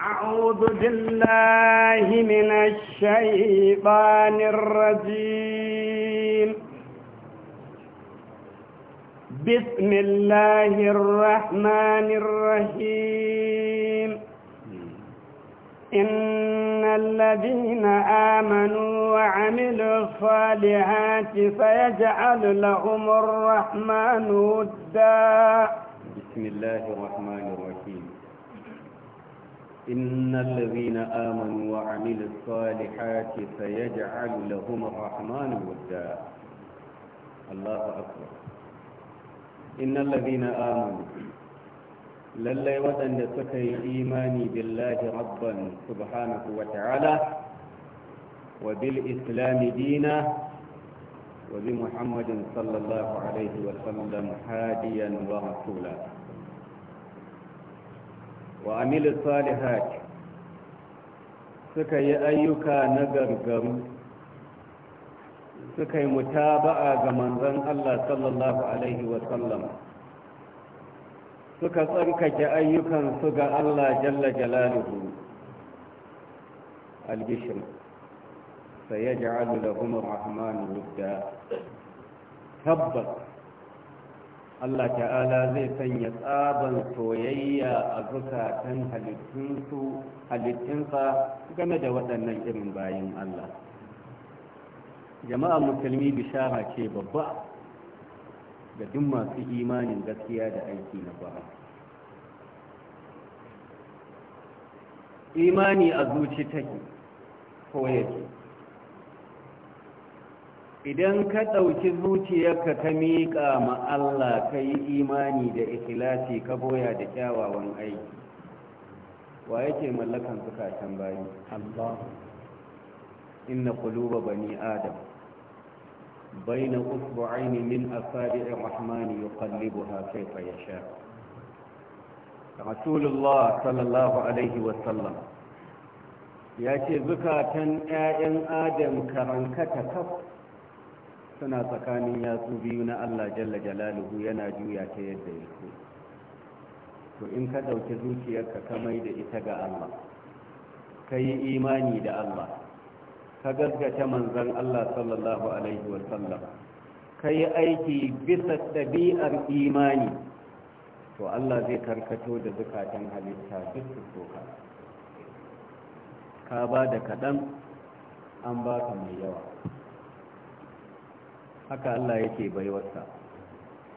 أعوذ بالله من الشيطان الرجيم بسم الله الرحمن الرحيم إن الذين آمنوا وعملوا الصالحات سيجعل لهم الرحمن ودا بسم الله الرحمن الرحيم إن الذين آمنوا وعملوا الصالحات سيجعل لهم الرحمن ودا الله أكبر إن الذين آمنوا للي ودن سكي إيماني بالله ربا سبحانه وتعالى وبالإسلام دينا وبمحمد صلى الله عليه وسلم هاديا ورسولا wa amilu salihat suka yi ayyuka na gargaru suka yi mutaba'a ga manzon Allah sallallahu alaihi wa sallam suka tsarkake ayyukansu ga Allah jalla jalaluhu albishir sayaj'alu lahum ar-rahmanu wudda tabbas Allah ta'ala zai sanya tsaban soyayya a zukatan halittinsa game da waɗannan irin bayan Allah jama'a musulmi bishara ce babba ga duk masu imanin gaskiya da aiki na ba imani a zuci take ko yake idan ka ɗauki zuciyarka ka miƙa ma Allah ka yi imani da ikhlasi ka boya da kyawawan aiki wa yake mallakan zukatan bayi Allah inna quluba bani adam baina usbu'ain min asabi'i rahmani yuqallibuha kayfa yasha rasulullah sallallahu alaihi wa sallam ya ce zukatan 'ya'yan adam karankata kaf suna tsakanin yatsu biyu na Allah jalla jalaluhu yana juya ta yadda ya so to in ka ɗauki zuciyarka ka mai da ita ga Allah ka yi imani da Allah ka gaskata manzon Allah sallallahu alaihi wa ka yi aiki bisa ɗabi'ar imani to Allah zai karkato da zukatan halitta duk soka ka ba da kaɗan an ba ka mai yawa haka Allah yake baiwarsa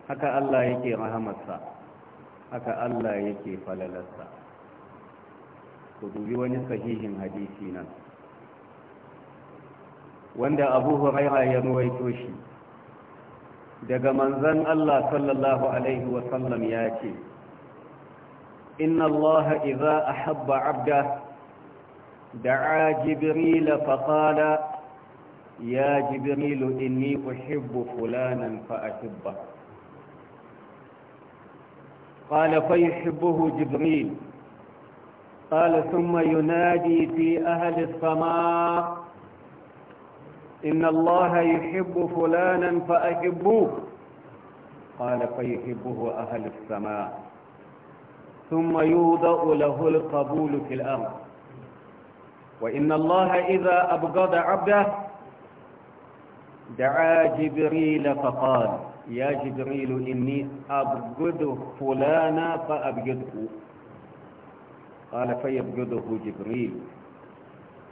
haka Allah yake rahamarsa haka Allah yake falalarsa ku dubi wani sahihin hadisi nan wanda abu huraira ya ruwaito shi daga manzan Allah sallallahu alaihi wasallam ya ce inna Allah idza ahabba abda da'a jibril fa qala يا جبريل إني أحب فلانا فأحبه قال فيحبه جبريل قال ثم ينادي في أهل السماء إن الله يحب فلانا فأحبوه قال فيحبه أهل السماء ثم يوضأ له القبول في الأرض وإن الله إذا أبغض عبده دعا جبريل فقال يا جبريل إني أبجد فلانا فأبجده قال فيبجده جبريل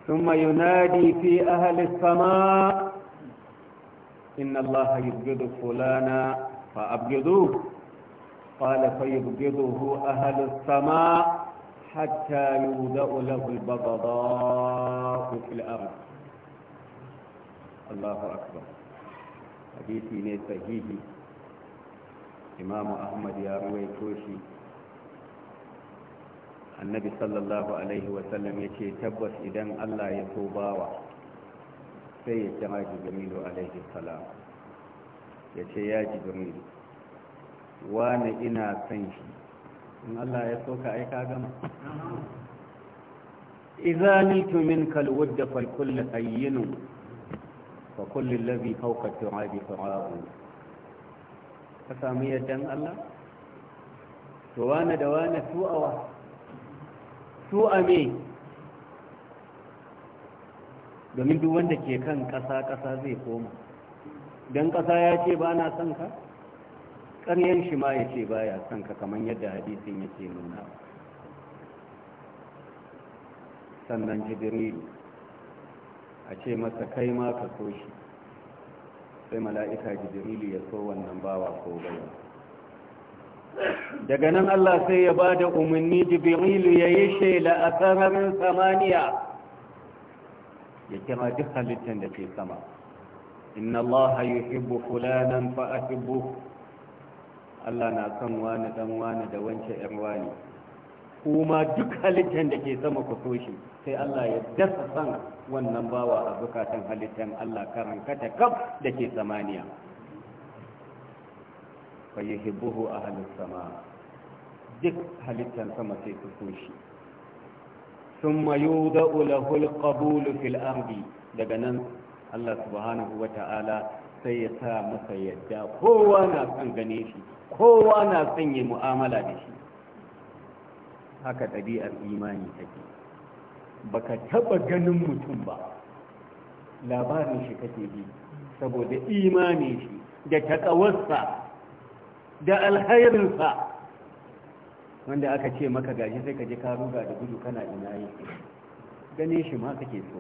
ثم ينادي في أهل السماء إن الله يبجد فلانا فأبجدوه قال فيبجده أهل السماء حتى يودأ له البغضاء في الأرض Allahu akbar hadisi ne sahihi Imam ahmad ya ruwaito shi annabi sallallahu alaihi wasallam ya ce tabbas idan allah ya bawa sai ya kira jibrilu alaihi salam ya ce ya jibrilu wani ina san shi in allah ya so ka aika gama Iza ni minka alwudda da kullu hayyinun فكل الذي فوق التراب فراب فسامي يدن الله وانا دوانا سوء سوء مي domin duk wanda ke kan ƙasa-ƙasa zai koma don ƙasa ya ce ba na son ka ƙaryen shi ma ya ce ba ya son ka kamar yadda hadisin ya yake nuna sannan jibrilu a ce masa kai ma ka so shi sai mala'ika jibrilu ya so wannan bawa ko bai daga nan Allah sai ya ba da umarni jibirili ya yi shela a sararin samaniya ya kira duk halittar da ke sama inna Allah hibbu fulanan fa'a Allah na son wani dan wani da wance ‘yan wani kuma duk halittar da ke sama ku so shi sai Allah ya dasa sana. wannan bawa a zukatan halittar Allah karan kata kaf da ke samaniya fa yuhibbuhu ahlus sama duk halittar sama sai su so Sun mayu yudau lahu alqabul fil ardi daga nan Allah subhanahu wata'ala sai ya sa masa yadda kowa na son gane shi kowa na son yi mu'amala da shi haka ɗabi'ar imani take baka taba ganin mutum ba labarin shi kake bi saboda imani shi da takawarsa da alhairinsa wanda aka ce maka gashi sai ka ji ka ruga da gudu kana ina yi gane shi ma kake so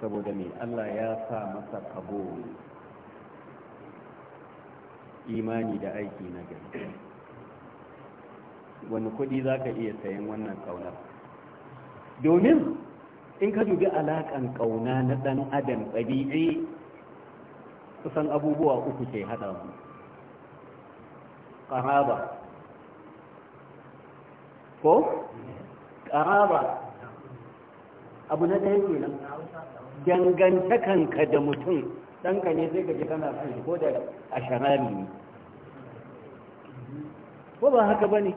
saboda mai Allah ya sa masa kabo imani da aiki na gari wani kudi za ka iya sayan wannan kaunar domin in ka dubi alaƙan ƙauna na ɗan adam ɗabi'i kusan abubuwa uku ke haɗa mu ƙaraba ko? ƙaraba abu na ɗaya dangantakanka da mutum ɗanka ne sai ka ji kana son ko da a sharari ne ko ba haka ba ne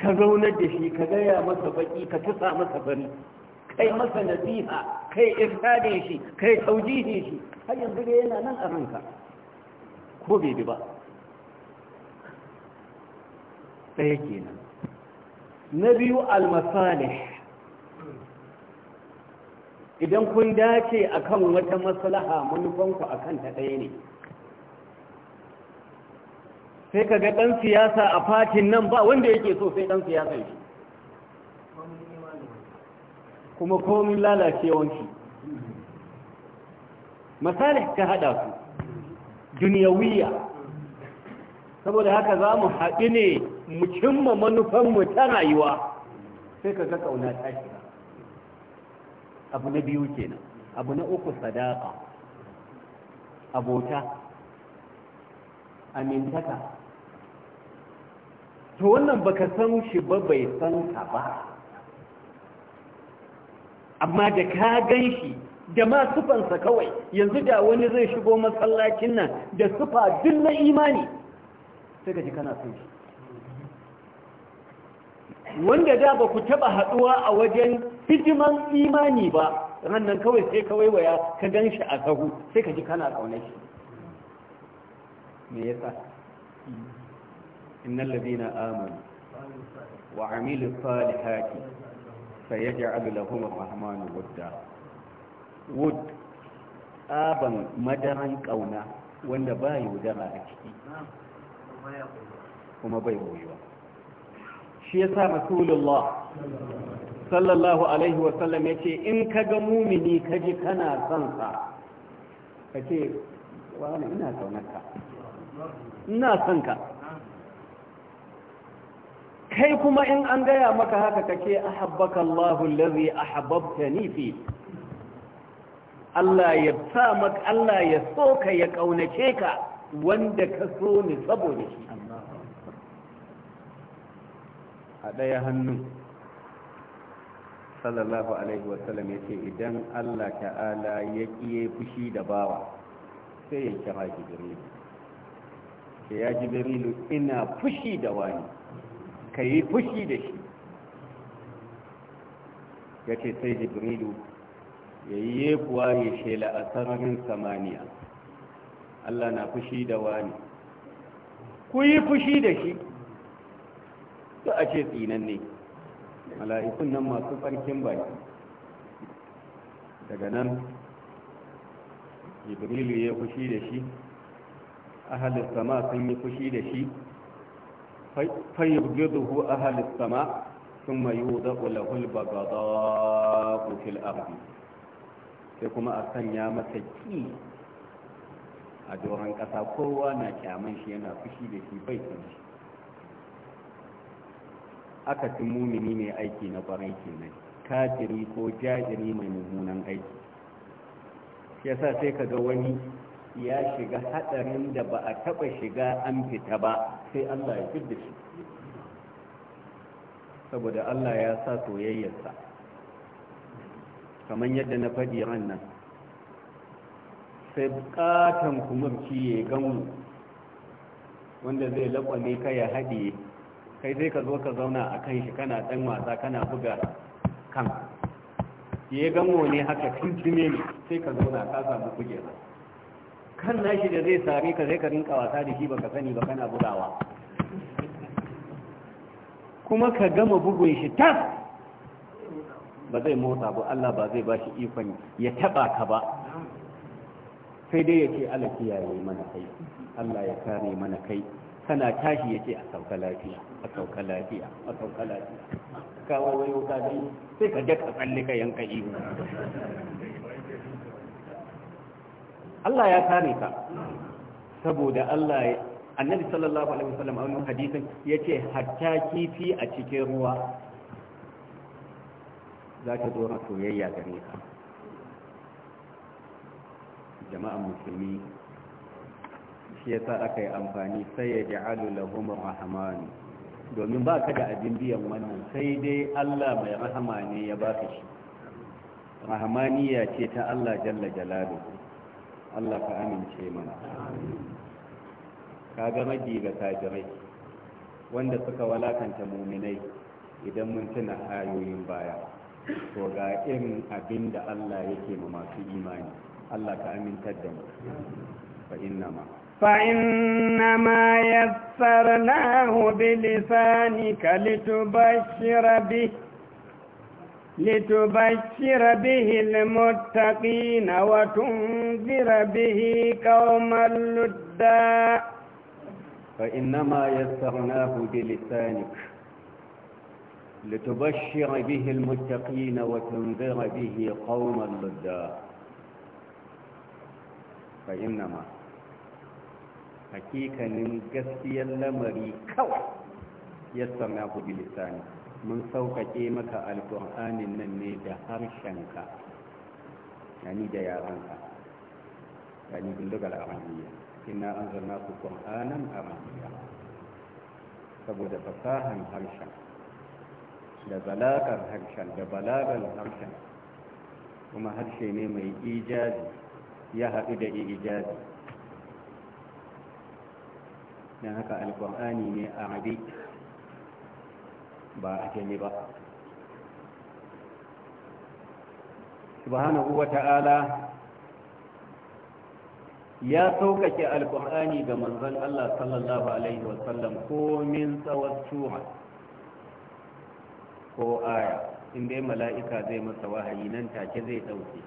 ka zaunar da shi ka gaya masa baki ka tasa masa bari kai masa nasiha kai irtade shi kai taujihi shi har yanzu dai yana nan a ranka ko bai bi ba ɗaya kenan na biyu almasalih idan kun dace akan wata maslaha manufanku akan ta ɗaya ne sai ka ga ɗan siyasa a fatin nan ba wanda yake so sai ɗan siyasa yake kuma komin lalacewanci misali ka haɗa su duniyawiya saboda haka za mu haɗu ne mu cimma manufanmu ta rayuwa sai ka ga ƙauna ta shiga abu na biyu kenan abu na uku sadaka abota amintaka to wannan baka san shi ba bai san ka ba amma da ka gan shi da ma sufansa kawai yanzu da wani zai shigo masallacin nan da sufa duk na imani sai ka ji kana son shi wanda da ba ku taba haduwa a wajen hidiman imani ba rannan kawai sai kawai waya ka gan shi a sahu sai ka ji kana kaunar shi me yasa إن الذين آمنوا وعملوا الصالحات سيجعل لهم الرحمن ودا ود آبا مدرا كونا wanda ba yaudara a ciki kuma bai boyewa shi yasa rasulullah sallallahu alaihi wasallam ya ce in ka ga mumini ka ji kana son sa ka ce wani ina ina son ka kai kuma in an gaya maka haka kake ahabbaka Allahu a ahabbtani fi Allah ya sa maka Allah ya so ka ya kaunace ka wanda ka so ni saboda shi a ɗaya hannu sallallahu alaihi wasallam ya ce idan Allah ta'ala ya ƙiye fushi da bawa sai ya kira jibrilu ya jibrilu ina fushi da wani ka yi fushi da shi ya ce sai jibrilu ya yi yekuwa ya shela a sararin samaniya allah na fushi da wani ku yi fushi da shi su a ce tsinan ne mala'ikun nan masu tsarkin baki daga nan jibrilu ya fushi da shi ahalin sama sun yi fushi da shi فيبغضه أهل السماء ثم يوضع له البغضاء في الأرض sai kuma a sanya masa ki a doron ƙasa kowa na kyaman shi yana fushi da shi bai san shi aka fi mumini mai aiki na ƙwarai kenan kafiri ko jajiri mai mummunan aiki shi yasa sai ka ga wani ya shiga haɗarin da ba a taɓa shiga an fita ba sai Allah ya fidda shi saboda Allah ya sa soyayyarsa kamar yadda na faɗi ran nan sai bukatan kumurci ya gamu wanda zai lakwame ka ya haɗe kai zai ka zo ka zauna a kan shi kana ɗan wasa kana buga kan ya gamo ne haka tuntune ne sai ka zauna ka samu kujera kan nashi da zai sami ka zai ka rinka wasa da shi baka sani ba kana bugawa kuma ka gama bugun shi tas ba zai motsa ba Allah ba zai ba shi ikon ya taba ka ba sai dai ya ce Allah kiyaye mana kai Allah ya kare mana kai kana tashi ya ce a sauka lafiya a sauka lafiya a sauka lafiya kawo wayo ka sai ka ka tsalle ka yanka ihu Allah ya kare ka saboda Allah annabi sallallahu alaihi wasallam a wannan hadisin yace hatta kifi a cikin ruwa za ta zo soyayya gare ka jama'an musulmi shi yasa aka yi amfani sai ya ja'alu lahum rahman domin ba ka da abin biyan wannan sai dai Allah mai rahama ne ya baka shi rahmaniya ce ta Allah jalla jalaluhu Allah ka amince mana ka ga maji ga tajirai wanda suka walakanta muminai idan mun tuna ayoyin baya to ga irin abin da Allah yake ma masu imani Allah ka amintar da mu fa inna ma yassarnahu bi بلسانك لتبشر bihi لتبشر به المتقين وتنذر به قوما لدا فإنما يسرناه بلسانك لتبشر به المتقين وتنذر به قوما لدا فإنما حقيقة من قسي اللمري كوى يسرناه بلسانك mun sauƙaƙe maka alƙur'anin nan ne da harshenka yani da yaranka yani bindigar aramiya ina an zana ku ƙur'anin aramiya saboda fasahan harshen da zalaƙar harshen da balagar harshen kuma harshe ne mai ijazi ya haɗu da ijazi don haka alƙur'ani ne arabi ba a gani ba subhanahu wa ta'ala ya sauƙaƙe alƙur'ani ga manzon Allah sallallahu alaihi wasallam min tsawon sura ko aya in dai mala'ika zai masa wahayi nan take zai ɗauke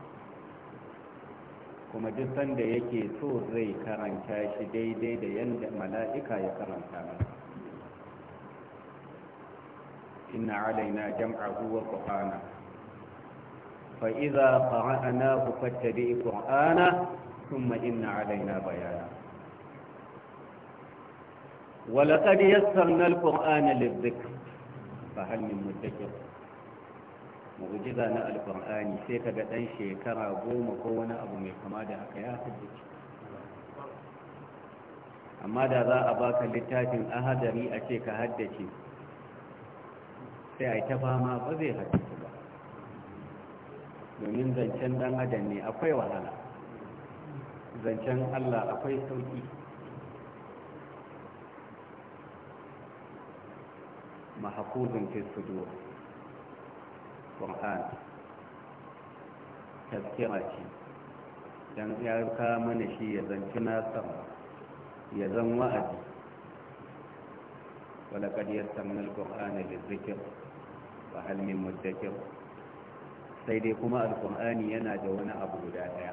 kuma duk sanda yake so zai karanta shi daidai da yadda mala'ika ya karanta masa إن علينا جمعه وقرآنه فإذا قرأناه فاتبع قرآنه ثم إن علينا بيانه ولقد يسرنا القرآن للذكر فهل من مدكر mu'jiza na alkur'ani sai ka ga ɗan shekara goma ko wani abu mai kama da haka ya fi amma da za a baka littafin ahadari a ce ka haddace sai a yi ta fama ba zai hadisu ba domin zancen dan adam ne akwai wahala zancen allah akwai sauki mahakuzin fi sudur ƙur'an taskira ce don ya kama mana shi ya zanci sama ya zan wa'azi ولقد يسمنا القرآن للذكر فهل من مدكر سيدي كما القرآن ينادى وانا أبو دادا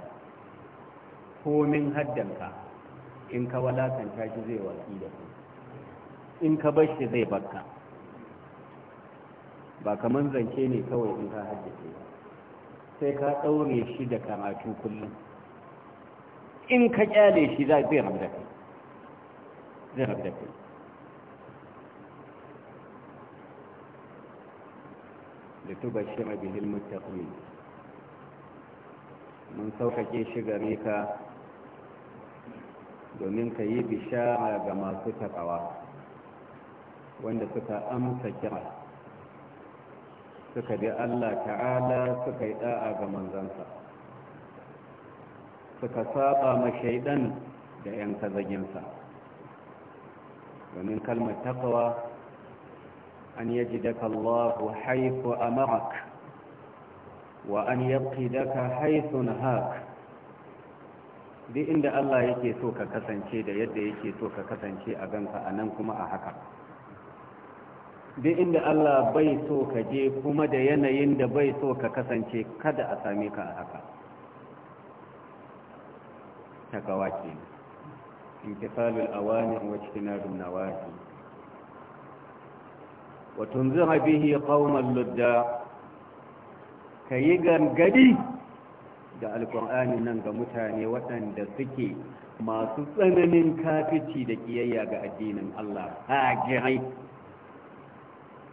هو من هدنك إن كولا تنتاج زي وكيدك إن كبشت زي بكا ba kaman zance ne kawai in ka haddace ba sai ka ɗaure shi da karatu kullum in ka kyale shi zai rabu da kai litubashshira bihi almuttaqin mun saukake shi gare ka domin ka yi bishara ga masu taƙawa. wanda suka amsa kira suka bi Allah ta'ala suka yi da'a ga manzansa suka saba ma shaidan da 'yan kazaginsa domin kalmar takawa أن يجدك الله حيث أمرك وأن يبقدك حيث نهاك duk inda Allah yake so ka kasance da yadda yake so ka kasance a ganka a nan kuma a haka duk inda Allah bai so ka je kuma da yanayin da bai so ka kasance kada a same ka a haka takawa ke intifalul awani wa cikin nawahi wa tunzira bihi qauman ludda yi gangadi da alkur'ani nan ga mutane waɗanda suke masu tsananin kafici da kiyayya ga addinin Allah hajirai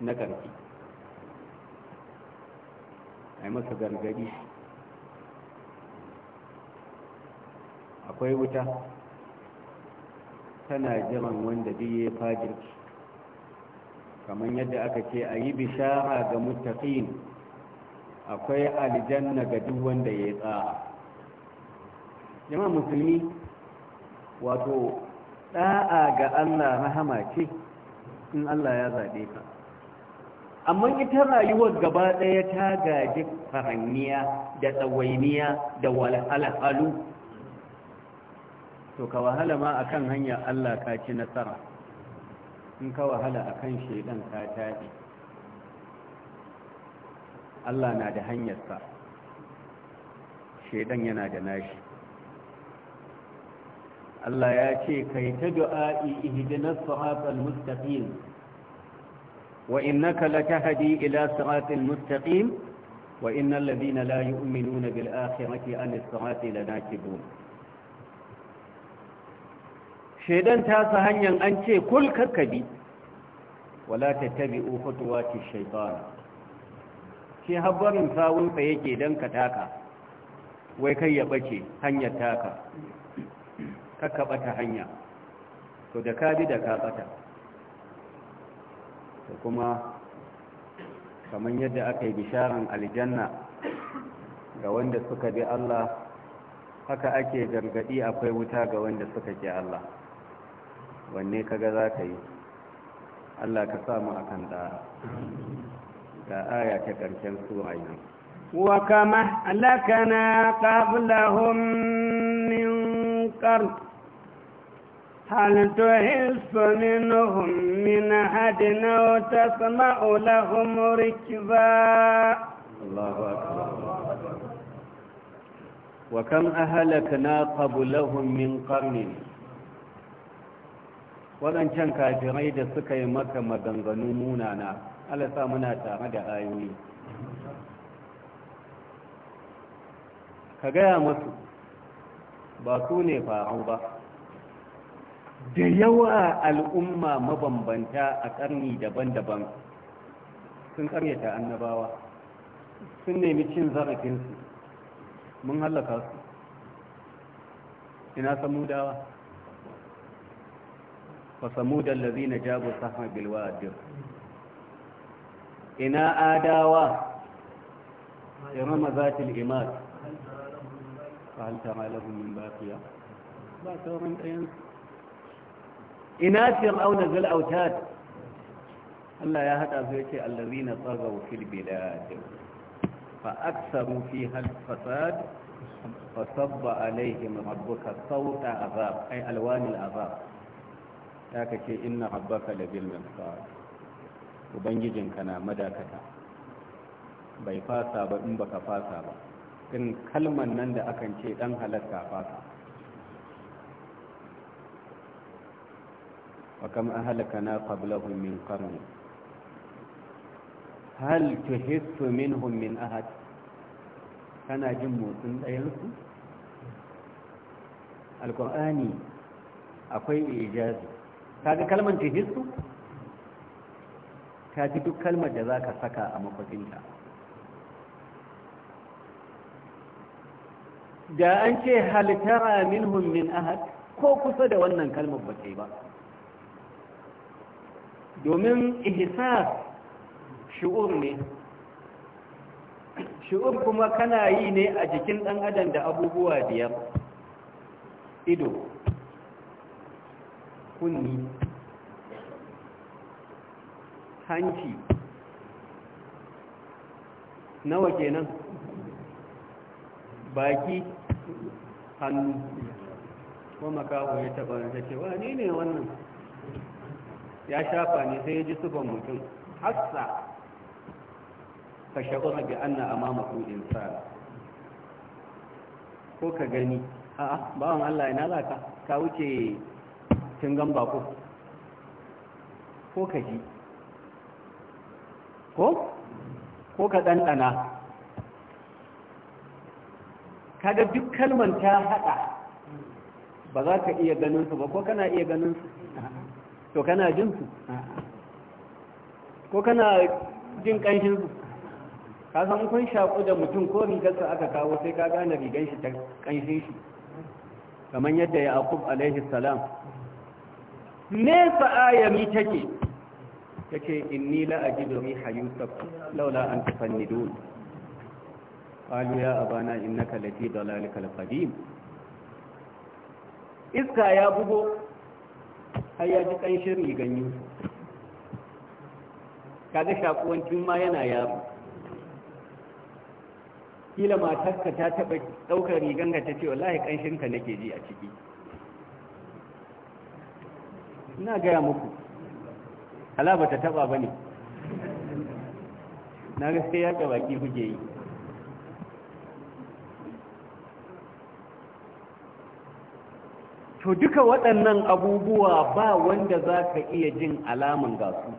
na ƙarfi ai masa gargadi akwai wuta tana jiran wanda duk ya fajirci kamar yadda aka ce a yi bishara ga muttaqin akwai aljanna ga duk wanda ya yi tsara jama'a musulmi wato ɗa'a ga allah rahama ce in allah ya zaɓe ka amma ita rayuwar gaba ɗaya ta gaji faranniya da tsawainiya da walhalhalu to ka wahala ma a kan hanyar allah ka ci nasara in ka wahala a kan shaidan ka taɗi allah na da hanyarsa shaidan yana da nashi Allah ya ce kai ta du'a'i ihdinas siratal mustaqim wa innaka latahdi ila siratal mustaqim wa innal ladina la yu'minuna bil akhirati an sirati lanakibun shaidan ta sa hanyar an ce kul kakkabi wala tattabi'u khutuwati shaytan shi habbarin sawun sa yake dan ka taka wai kai ya bace hanyar taka kakka bata hanya to da ka bi da ka bata to kuma kamar yadda aka yi bisharin aljanna ga wanda suka bi Allah haka ake gargadi akwai wuta ga wanda suka ke Allah wanne kaga za ka yi Allah ka samu a kan ɗaya ga aya ta ƙarshen sura yau wa kama alakana qablahum min qarn hal tuhissu minhum min hadina aw sama lahum rikba ba. akbar wa kam ahlakna qablahum min qarnin waɗancan kafirai da suka yi maka maganganu munana alasa muna tare da ayoyi ka gaya musu. ba su ne faru ba da yawa al'umma mabambanta a ƙarni daban-daban sun ƙaryata annabawa sun nemi cin zarafinsu mun hallaka su ina dawa? فثمود الذين جابوا الصحم بالواد إنا آداوا إرم ذات الإماد فهل ترى لهم من باقية لا من أين إنا فرعون ذو الأوتاد ألا يا هذا فيك الذين طغوا في البلاد فأكثروا فيها الفساد فصب عليهم ربك صوت عذاب أي ألوان العذاب za ka ce inna da labil mirsad ubangijinka na madakata bai fasa ba in baka fasa ba in kalman nan da akan ce dan halatta fasa wa kam na qablahum min qarn hal tuhissu minhum min ahad kana jin motsin ɗayansu alkur'ani akwai ijazi kaga kalmar tehistu Ta ji duk kalmar da za ka saka a mafafinta da an ce halittara min min ahad ko kusa da wannan kalmar ba ba domin ihisa shi'ur ne shi'ur kuma kana yi ne a jikin ɗan adam da abubuwa biyar ido kunni hanci nawa kenan baki hannu ko makaho ya taba da cewa ne ne wannan ya shafa ne sai ya ji sufan mutum hassa ka bi anna amama ku insan ko ka gani a'a bawan Allah ina zaka ka wuce kin gan bako ko ka ji ko ko ka ɗanɗana Kada duk kalman ta haɗa ba za ka iya ganin su ba ko kana iya ganin su to kana jin su ko kana jin ƙanshin su ka san kun shaƙo da mutum ko rigarsa aka kawo sai ka gane rigar shi ta ƙanshin shi kamar yadda ya aqub alaihi salam nesa ayami take take inni la ajidu riha yusuf laula an tafannidun qalu ya abana innaka lati dalalika alqadim iska ya bugo har ya ji kanshin rigan Ka kaga shakuwancin ma yana yaro kila matarka ta taba ɗaukar rigan ka ta ce wallahi ka nake ji a ciki ina gaya muku ala ta taba ba ne na sai ya ga baki kuke yi to duka waɗannan abubuwa ba wanda za ka iya jin alaman gasu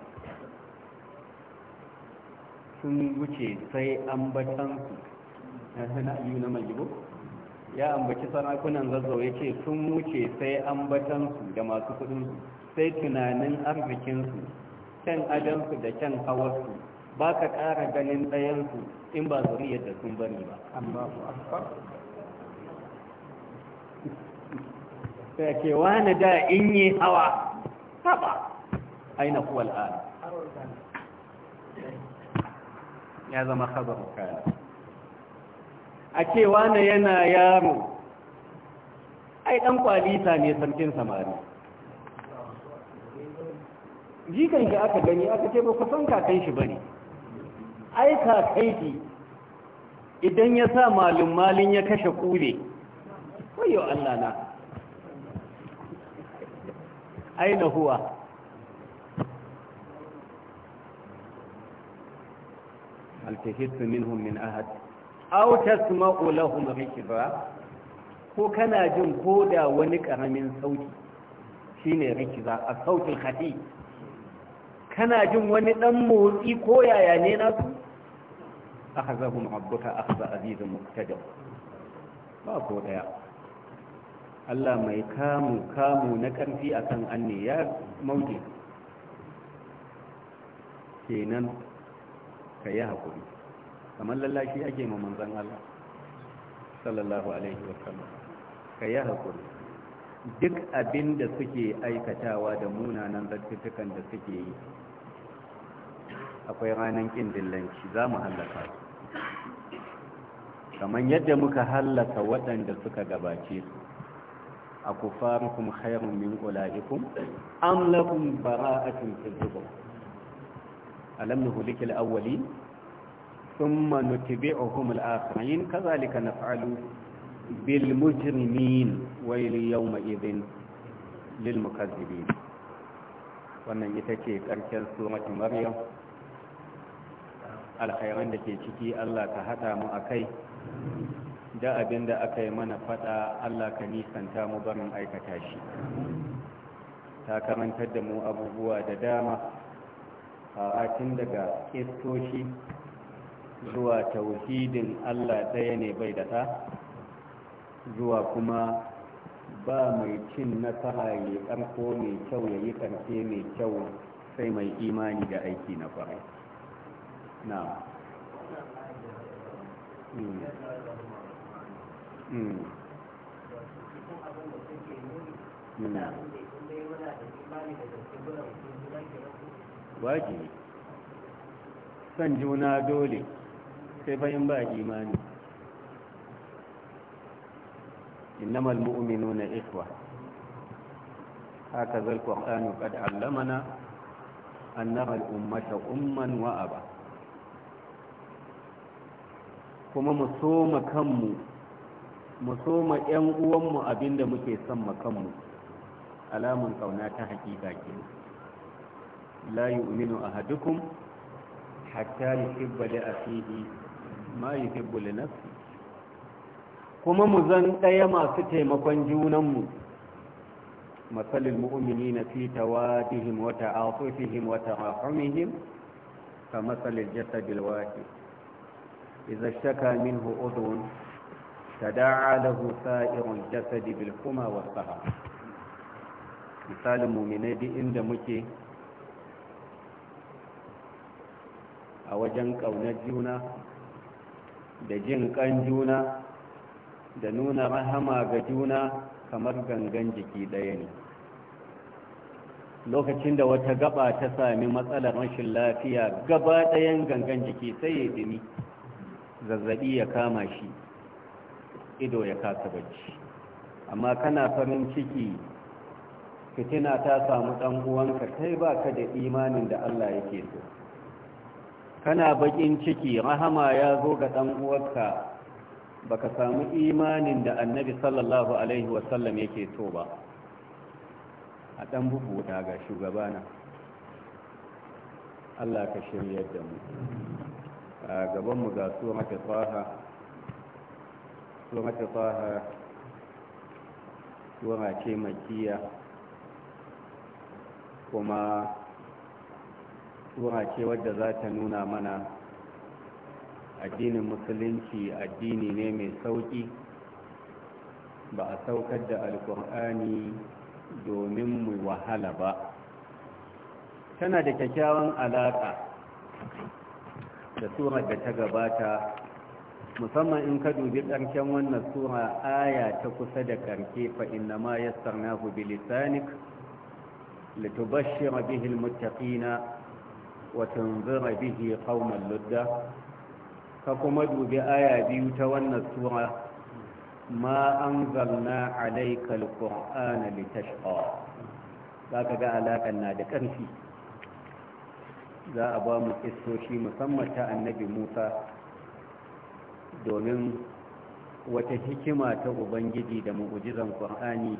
sun wuce sai ambatansu na na ya ambaci sarakunan zazzau ya ce sun wuce sai ambatansu da masu kudinsu sai tunanin arzikinsu can adansu da can hawarsu ba ka ƙara ganin ɗayansu in ba zuri yadda sun bari ba sai ke wani da in yi hawa haɓa aina kuwa al'ada ya zama haɓar kaya a ce wani yana yaro ai ɗan kwalita ne sarkin samari jikan shi aka gani aka ce ba ku san kakan shi bane ai kakai ki idan ya sa malin malin ya kashe kule wayo Allah na aina huwa التفت minhum min ahad aw tasma'u lahum ركبا ko kana jin koda wani karamin sauti shine rikiza a sautin khati kana jin wani dan motsi ko yaya ne na su akhazahum rabbuka akhza azizun muqtadir ba ko daya Allah mai kamu kamu na karfi akan anne ya mauje kenan ka yi hakuri kamar lallashi ake ma manzan Allah sallallahu alaihi wa wasallam ka yi hakuri duk abin da suke aikatawa da munanan zartutukan da suke yi akwai ranar ƙin dillanci za mu hallaka su kamar yadda muka hallaka waɗanda suka gabace su a ku kuma khairun min ƙula'ikun an lakum bara'atun fi zubur alam nuhulikil awwalin thumma nutbi'uhum al-akhirin na fa'alu yau ma irin للمكذبين wannan ita ce ƙarshen suratun maryam alkhairan da ke ciki allah ka haɗa mu akai. da abin da aka yi mana faɗa allah ka nisanta mu barin aikata shi ta karantar da mu abubuwa da dama a tun daga ƙistoshi zuwa tauhidin allah ɗaya ne bai da ta. zuwa kuma ba mai cin nasara ya karko mai kyau ya yi karfe mai kyau sai mai imani da aiki na kwarai na hmm. hmm. wajibi san juna dole sai bayan ba imani إنما المؤمنون إخوة هكذا القرآن قد علمنا أن نرى الأمة أما وأبا kuma mu soma kanmu mu soma ‘yan uwanmu abinda muke son kanmu alamun kauna ta hakika ke la yu'minu ahadukum hatta yuhibba li akhihi ma yuhibbu li nafsihi kuma mu zan ɗaya masu taimakon junanmu matsalin mu'umini na fi tawadihim wa ta'afufihim wa ta'afumihim ka matsalin jasadil wahi idza shaka minhu udhun da lahu sa'irul jasadi bil kuma was sahab misalin mu'minai duk inda muke a wajen ƙaunar juna da jin ƙan juna da nuna rahama ga juna kamar gangan jiki ɗaya ne lokacin da wata gaba ta sami matsalar rashin lafiya gaba ɗayan gangan jiki sai ya dumi zazzabi ya kama shi ido ya kasa bacci amma kana farin ciki fitina ta samu ɗan uwanka kai ba ka da imanin da Allah yake so kana bakin ciki rahama ya zo ga ɗan uwarka baka samu imanin da annabi sallallahu alaihi wasallam yake so ba a ɗan bubuta ga shugabana Allah ka shiryar da mu a gabanmu ga surata tsaha surata ce makiya kuma sura ce wadda za ta nuna mana addinin musulunci addini ne mai sauƙi ba a saukar da alkur'ani domin mu wahala ba tana da kyakkyawan alaƙa da surar da ta gabata musamman in ka dubi ƙarshen wannan sura aya ta kusa da ƙarshe fa inna ma yassarnahu bilisanik litubashshira bihi almuttaqina wa tunzira bihi qauman ludda ka kuma dubi aya biyu ta wannan sura ma anzalna alayka alqur'ana litashqa ka ga alakan na da ƙarfi za a ba mu kistoshi musamman ta annabi Musa domin wata hikima ta ubangiji da mu'ujizan qur'ani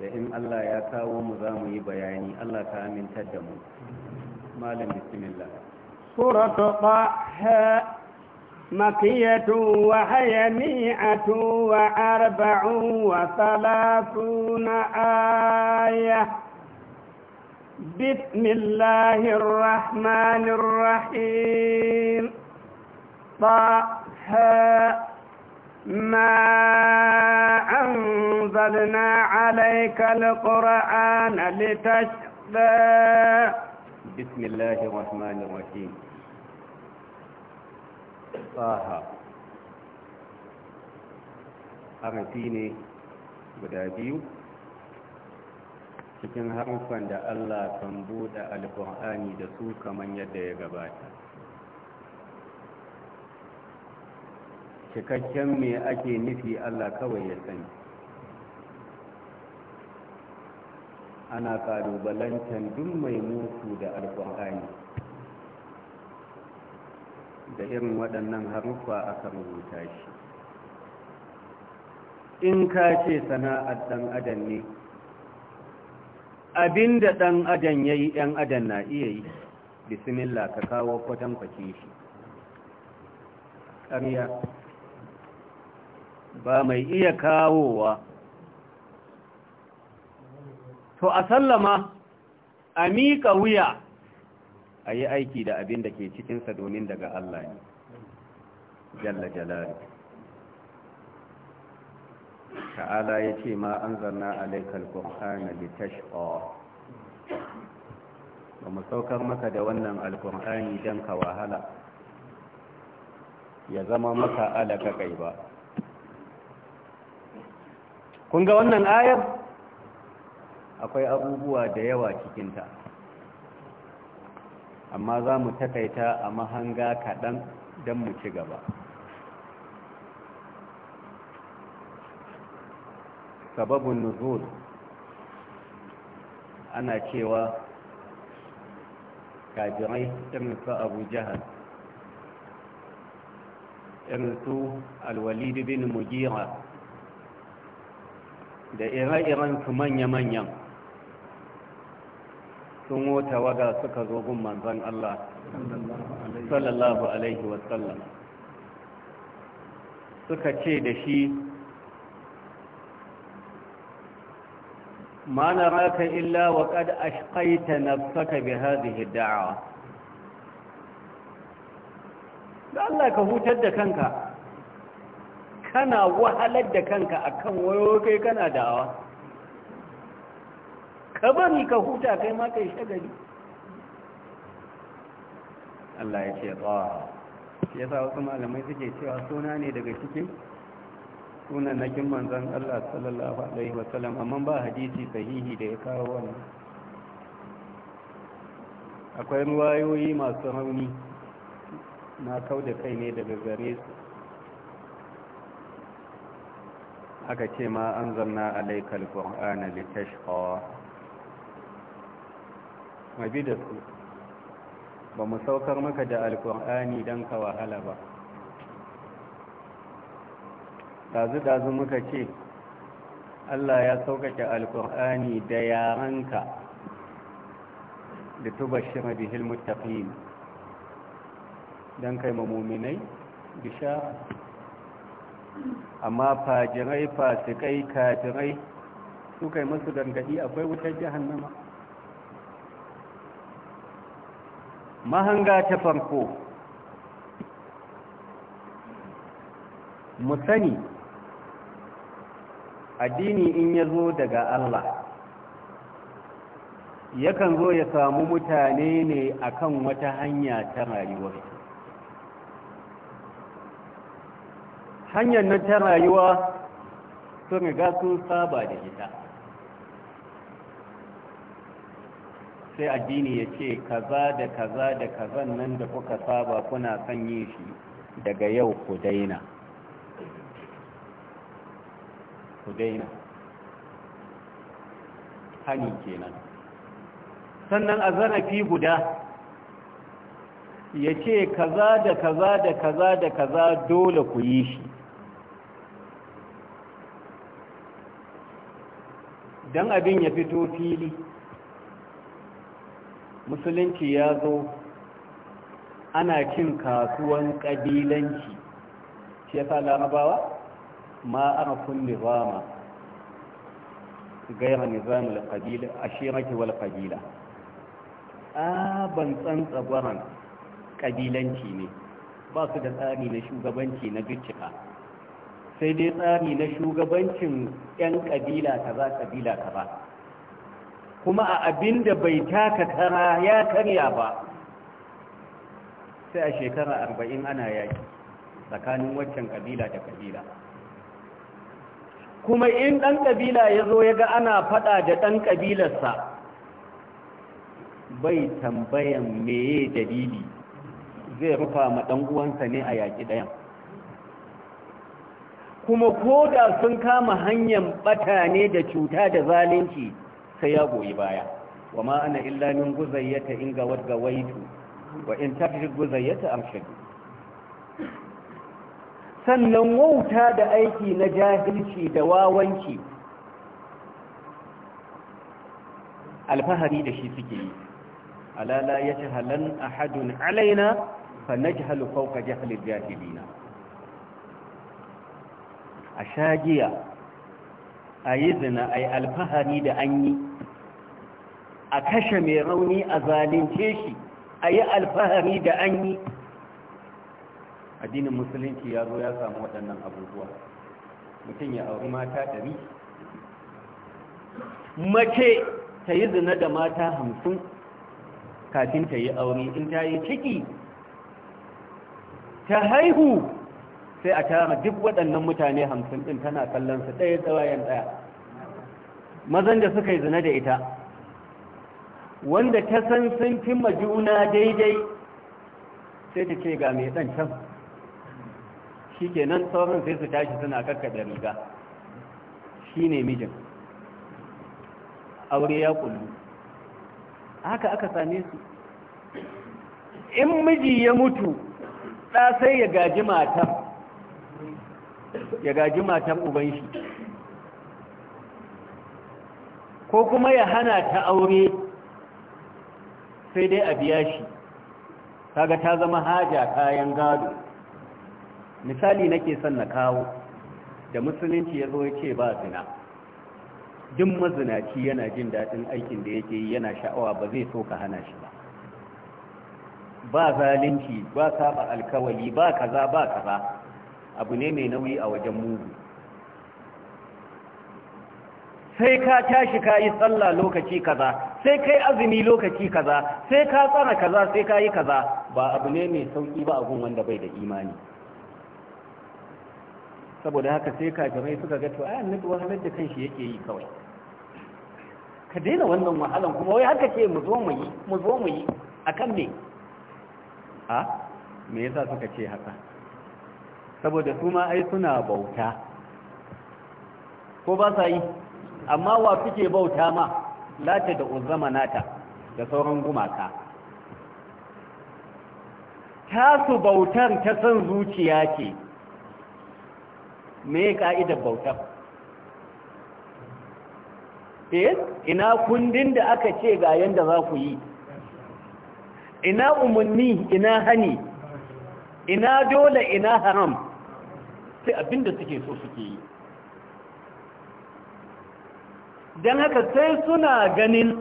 da in Allah ya kawo mu za mu yi bayani Allah ka amintar da mu malam bismillah suratu taha مكية وحيميعة وأربع وثلاثون آية بسم الله الرحمن الرحيم طه ما أنزلنا عليك القرآن لتشقى بسم الله الرحمن الرحيم saha harafi ne guda biyu cikin harufan da Allah kan buɗe alƙur'ani da su kamar yadda ya gabata cikakken me ake nufi Allah kawai ya sani ana ƙalubalantar duk mai mutu da alƙur'ani da irin waɗannan haruffa aka rubuta shi in ka ce sana'ar ɗan adam ne abin da ɗan adam ya yi ɗan adam na iya yi bismillah ka kawo kwace shi ƙarya ba mai iya kawowa to a sallama a miƙa wuya a yi aiki da abin da ke cikinsa domin daga Allah ne jalla jalari ta'ala ya ce ma an zarna alaikal ƙur'ana li ba mu saukar maka da wannan alƙur'ani don ka wahala ya zama maka alaka kai ba kun ga wannan ayar akwai abubuwa da yawa cikinta amma za mu takaita a mahanga kaɗan don mu ci gaba sababin nuzul ana cewa kajirai irin su abu jihar irin su alwalidu bin mugira da ire-iren su manya-manyan sun wota waga suka zo gun manzan Allah sallallahu alaihi wasallam suka ce da shi ma raka illa wa kad ashqaita nafsaka bi hadhihi dawa da Allah ka hutar da kanka kana wahalar da kanka akan wayo kai kana da'awa ka bari ka huta kai ma kai shagali Allah ya ce tsawa shi yasa wasu malamai suke cewa suna ne daga cikin sunanakin zan Allah sallallahu alaihi wasallam amma ba hadisi sahihi da ya kawo wannan akwai ruwayoyi masu rauni na kau da kai ne daga gare su aka ce ma an zanna alaikal qur'ana litashqa mabi da su ba mu saukar maka da alkur'ani don ka wahala ba dazu-dazu muka ce allah ya saukake alkur'ani da yaranka da tubashira bihil mutafin. don kai mamuminai bishara amma fajirai fasikai kafirai su kai masu gargadi akwai wutar jahannama mahanga ta farko mu sani addini in ya zo daga Allah yakan zo ya samu mutane ne akan wata hanya ta rayuwa hanyar na ta rayuwa sun riga sun saba da ita sai addini ya ce kaza da kaza da kazan nan da kuka saba kuna son yin shi daga yau ku daina ku daina hani kenan sannan a zarafi guda ya ce kaza da kaza da kaza da kaza dole ku yi shi don abin ya fito fili musulunci ya zo ana cin kasuwan ƙabilanci shi yasa larabawa ma ana kulli nizama gairar nizamul ƙabila a shiraki wal ƙabila ban tsantsabaran ƙabilanci ne ba su da tsari na shugabanci na bincika sai dai tsari na shugabancin 'yan ƙabila za ƙabila ba. kuma a abin da bai taka tara ya karya ba sai a shekara arba'in ana yaki tsakanin waccan kabila da kabila kuma in ɗan kabila ya zo ya ga ana faɗa da ɗan kabilarsa bai tambayan meye dalili zai rufa ma ɗan uwansa ne a yaƙi ɗayan kuma ko da sun kama hanyar ɓata ne da cuta da zalunci sai ya goyi baya wa ma ana illa min guzayyata in ga wadda waitu wa in tafi guzayyata amshadu sannan wauta da aiki na jahilci da wawanci alfahari da shi suke yi alala ya ci halan ahadun alaina fa na jihalu fauka jihalin jahilina a shagiya a yi zina a yi alfahari da an a kashe mai rauni a zalince shi a yi alfahari da an yi addinin musulunci ya zo ya samu waɗannan abubuwa mutum ya auri mata ɗari mace ta yi zina da mata hamsin kafin ta yi aure in ta yi ciki ta haihu sai a tara duk waɗannan mutane hamsin ɗin tana kallon su ɗaya tsawayen ɗaya mazan da suka yi zina da ita wanda ta san sun cimma juna daidai sai ta ce ga mai ɗan can shi nan sauran sai su tashi suna kakkaɗe riga shi ne mijin aure ya kullu haka aka same su in miji ya mutu ɗa sai ya gaji matar ya gaji matan uban shi ko kuma ya hana ta aure sai dai a biya shi kaga ta zama haja kayan gado misali nake son na kawo da musulunci ya zo ya ce ba zina duk mazinaci yana jin daɗin aikin da yake yi yana sha'awa ba zai so ka hana shi ba ba zalunci ba saba alkawali ba kaza ba kaza abu ne mai nauyi a wajen mugu sai ka tashi ka yi tsalla lokaci kaza sai ka yi azumi lokaci kaza sai ka tsara kaza sai ka yi kaza ba abu ne mai sauƙi ba abun wanda bai da imani saboda haka sai yi suka ga a ai annabi wahalar da kanshi yake yi kawai ka daina wannan wahalan kuma wai haka ce mu zo mu yi mu zo mu yi a kan me a me yasa suka ce haka saboda su ma ai suna bauta ko ba sa yi amma wa suke bauta ma ta da uzama nata da sauran gumaka tasu bautar ta san zuciya ce me ka'idar bautar eh ina kundin da aka ce ga yanda za ku yi ina umarni ina hani ina dole ina haram sai da suke so suke yi don haka sai suna ganin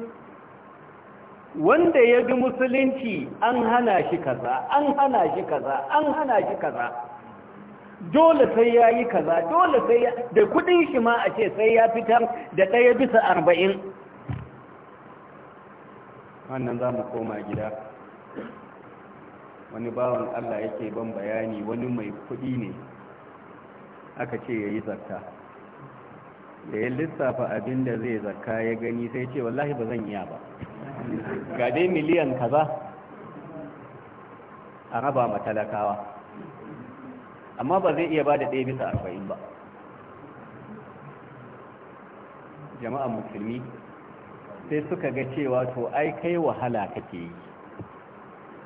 wanda ya bi musulunci an hana shi kaza an hana shi kaza an hana shi kaza dole sai ya yi kaza dole sai da kudin shi ma a ce sai ya fitar da ɗaya bisa arba'in wannan za mu koma gida wani bawan allah yake ban bayani wani mai kudi ne aka ce ya yi zakka da ya lissafa abin da zai zakka ya gani sai ce wallahi ba zan iya ba ga dai miliyan kaza a raba ma talakawa amma ba zai iya ba da ɗaya bisa arba'in ba jama'a musulmi sai suka ga cewa to ai kai wahala kake yi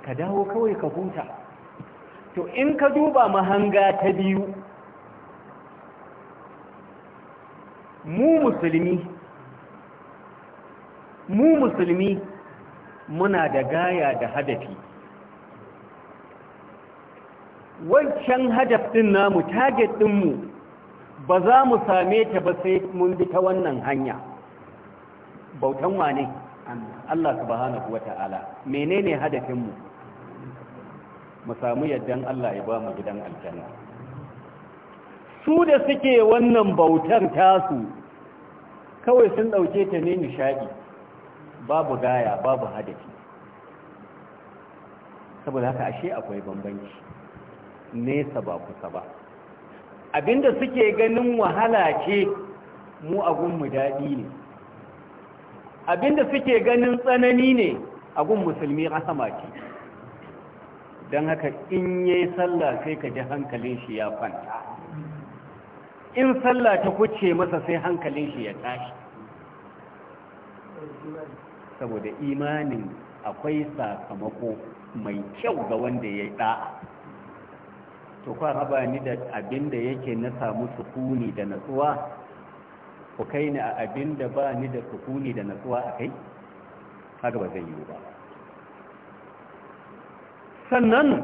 ka dawo kawai ka huta to in ka duba mahanga ta biyu mu musulmi mu musulmi muna da gaya da hadafi wancan hadafin namu target mu ba za mu same ta ba sai mun bi ta wannan hanya bautan wane Allah subhanahu wata'ala menene hadafinmu mu samu yaddan Allah ya ba mu gidan aljanna su da suke wannan bautar tasu kawai sun ɗauke ta ne nishaɗi babu gaya babu hadafi saboda haka ashe akwai bambanci nesa ba kusa ba abinda suke ganin wahala ce mu agunmu daɗi ne abinda suke ganin tsanani ne agun musulmi asama ce don haka in yayi sallah sai ka ji hankalin shi ya kwanta in sallah ta kuce masa sai hankalin shi ya tashi saboda imanin akwai sakamako mai kyau ga wanda ya yi ɗa'a. to kwa raba ni da abin yake na samu sukuni da natsuwa ku kai ni a abin da ba ni da sukuni da natsuwa a kai haka ba zai yi ba sannan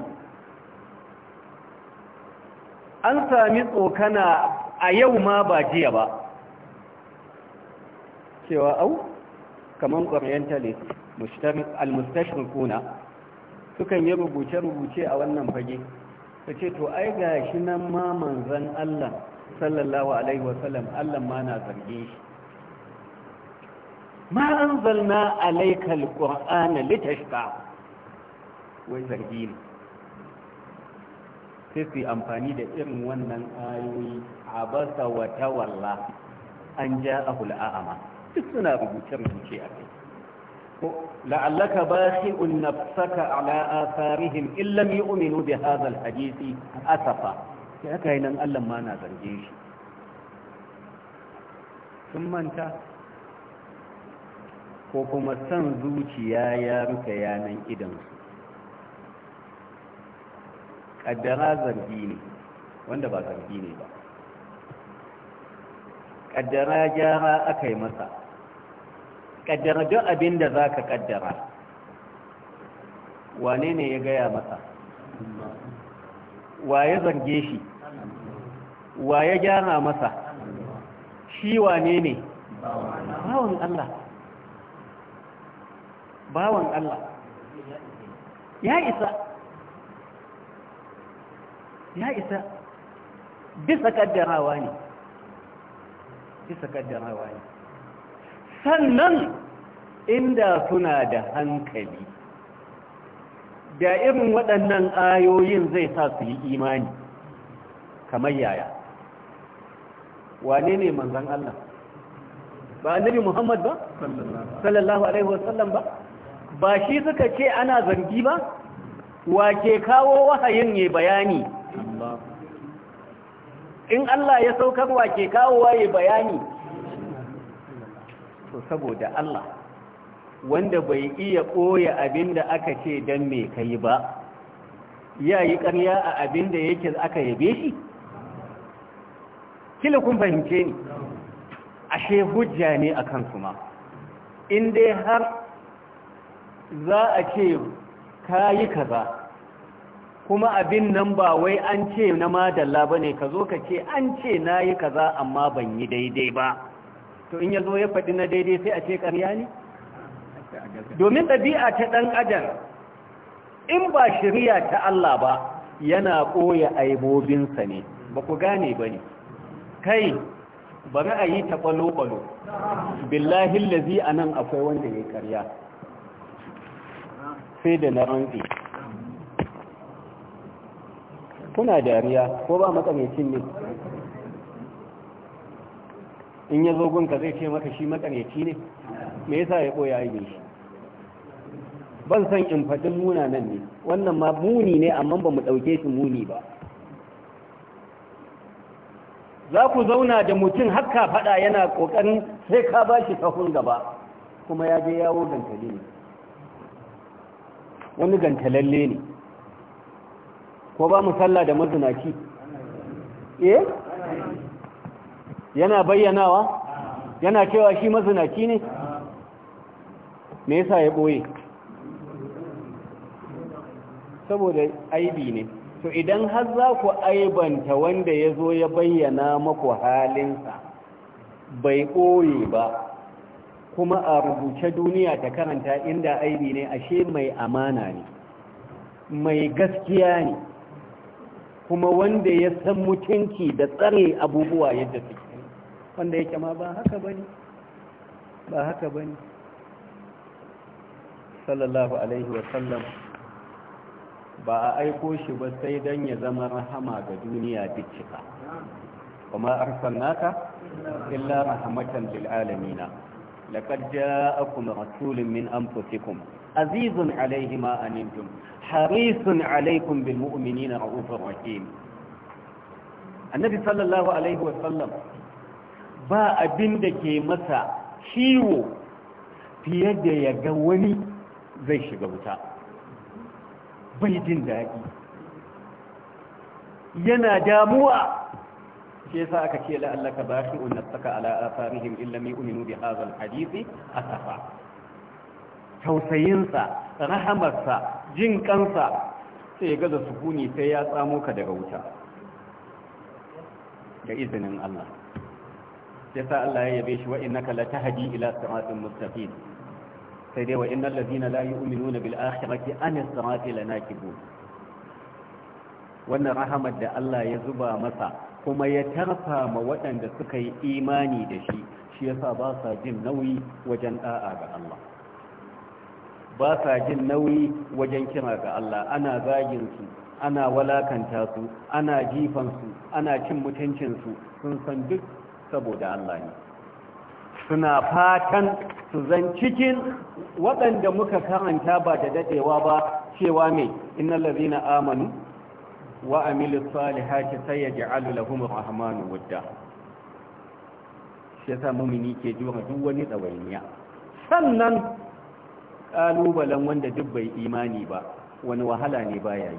an sami tsokana a yau ma ba jiya ba cewa au kamar orientalist kuna sukan yi rubuce-rubuce a wannan fage ta ce to ai ga shi nan ma manzan Allah sallallahu alaihi wasallam Allah ma na zarge shi ma an zalna alaikal ƙur'ana litashka wai zargi ne sai su amfani da irin wannan ayoyi abasa wa tawalla an ja ja'ahu al'ama duk suna rubuce rubuce a kai ko la'allaka bashi'un nafsaka ala atharihim in lam yu'minu bi hadha alhadisi hadith asafa sai aka yi nan Allah ma na zarge shi sun manta ko kuma san zuciya ya rufe yanan idansu kaddara zargi ne wanda ba zargi ne ba kaddara gyara aka yi masa kaddara duk abin da za ka kaddara wane ne ya gaya masa wa ya zange shi wa ya gyara masa shi wane ne bawan Allah bawan Allah ya isa ya isa bisa kaddarawa ne bisa kaddarawa ne sannan inda suna da hankali da irin waɗannan ayoyin zai sa su yi imani kamar yaya wane ne manzan Allah ba annabi Muhammad ba sallallahu alaihi wasallam ba ba shi suka ce ana zargi ba wa ke kawo wahayin ne bayani in Allah ya saukarwa ke kawowa ya bayani to saboda Allah wanda bai iya ɓoye abinda aka ce don me kai ba ya yi ƙarya a abin da yake aka yabe shi kila kun fahimce ni ashe hujja ne a kansu ma in dai har za a ce ka yi kaza kuma abin nan ba wai an ce na madalla ba ne ka zo ka ce an ce na yi kaza amma ban yi daidai ba to in ya zo ya faɗi na daidai sai a ce ƙarya ne domin ɗabi'a ta ɗan adam in ba shirya ta Allah ba yana ɓoye aibobinsa ne ba ku gane ba ne kai bari a yi ta ƙwalo-ƙwalo billahin lazi a nan akwai wanda ya karya sai da na rantsi kuna dariya ko ba matsanancin ne in ya zo gunka zai ce maka shi matsanaci ne me yasa ya koya yi shi ban san in fadin muna nan ne wannan ma muni ne amma ba mu ɗauke shi muni ba za ku zauna da mutum haka faɗa yana ƙoƙarin sai ka ba shi tafun gaba kuma ya je yawo gantale ne wani gantalalle ne ko ba mu sallah da mazinaci eh yana bayyanawa yana cewa shi mazinaci ne me yasa ya boye saboda aibi ne to idan har za ku aibanta wanda ya zo ya bayyana maku halinsa bai ɓoye ba kuma a rubuce duniya ta karanta inda aibi ne ashe mai amana ne mai gaskiya ne kuma wanda ya san mutunci da tsare abubuwa yadda suke wanda yake ma ba haka bane ba haka bane sallallahu alaihi wa sallam ba a aiko shi ba sai don ya zama rahama ga duniya dukkan kuma naka illa rahamatan lil alamin laqad ja'akum rasulun min anfusikum azizun alaihi ma anantum harisun alaikum bil mu'minina raufur rahim annabi sallallahu alaihi wa sallam ba abin da ke masa ciwo fiye da ya ga wani zai shiga wuta bai jin daɗi yana damuwa shi yasa aka ce la'allaka bashi'un nafsaka ala asarihim illa mai uminu bi hadha alhadisi asafa tausayinsa rahamarsa jin kansa sai ya gaza sukuni sai ya tsamo ka daga wuta da izinin Allah yasa Allah ya yabe shi wa innaka latahdi ila siratin mustaqim sai dai wa innal ladina la yu'minuna bil akhirati an sirati lanakibun wannan rahamar da Allah ya zuba masa kuma ya tarfa ma waɗanda suka yi imani da shi shi yasa ba sa jin nauyi wajen da'a ga Allah ba sa jin nauyi wajen kira ga Allah ana zagin su ana walakanta su ana jifan su ana cin mutuncin su sun san duk saboda Allah ne suna fatan su zan cikin waɗanda muka karanta ba da dadewa ba cewa mai innal ladina amanu wa amilu salihati sayaj'alu lahum rahmanu wadda shi yasa mumini ke jura duk wani dawainiya sannan kalubalen wanda duk bai imani ba wani wahala ne ba yi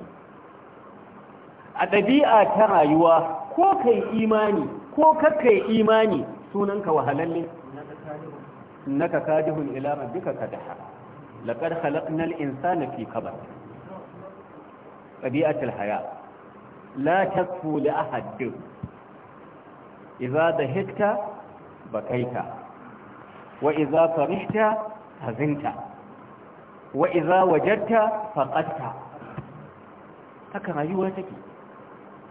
a ɗabi'a ta rayuwa ko kai imani ko kakai imani sunanka wahalalle naka kadihun ila rabbika kadaha laqad khalaqnal insana fi kabad ɗabi'atul haya la tasfu li ahad idza dahikta bakaita wa idza farihta hazinta wa iza wajarta faqatta haka rayuwa take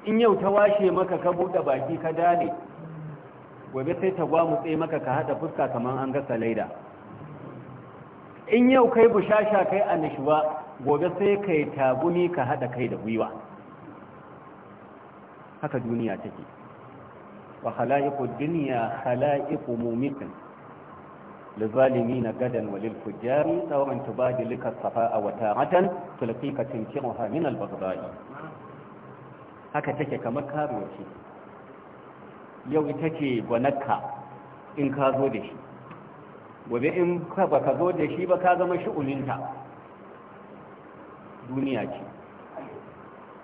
in yau ta washe maka ka bude baki ka dale gobe sai ta gwamutse maka ka hada fuska kaman an gasa laida in yau kai bushasha kai annashuwa gobe sai kai tagumi ka hada kai da gwiwa haka duniya take wa khala'iqud dunya khala'iqu mumitin للظالمين غدا وللفجار سواء تبادلك الصفاء وتارة تلقيك تنكرها من البغضاء haka take kamar karuwaci yau ita ce gwanakka in ka zo da shi gobe in ka ba ka zo da shi ba ka zama shi'ulinta duniya ce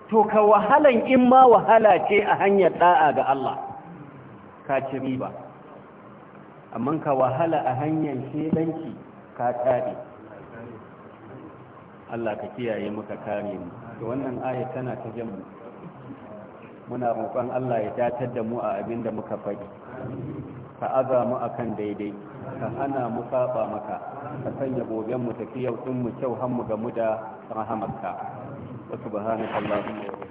to ka wahalan in ma wahala ce a hanyar da'a ga Allah ka ci riba amma ka wahala a hanyar shedanci ka kare Allah ka kiyaye muka kare mu to wannan aya tana ta jan mu muna roƙon Allah ya datar da mu a abin da muka faɗi ka aza mu akan daidai ka hana mu saba maka ka sanya goben mu tafi yau mu kyau har mu gamu da rahamarka wa subhanakallahumma wa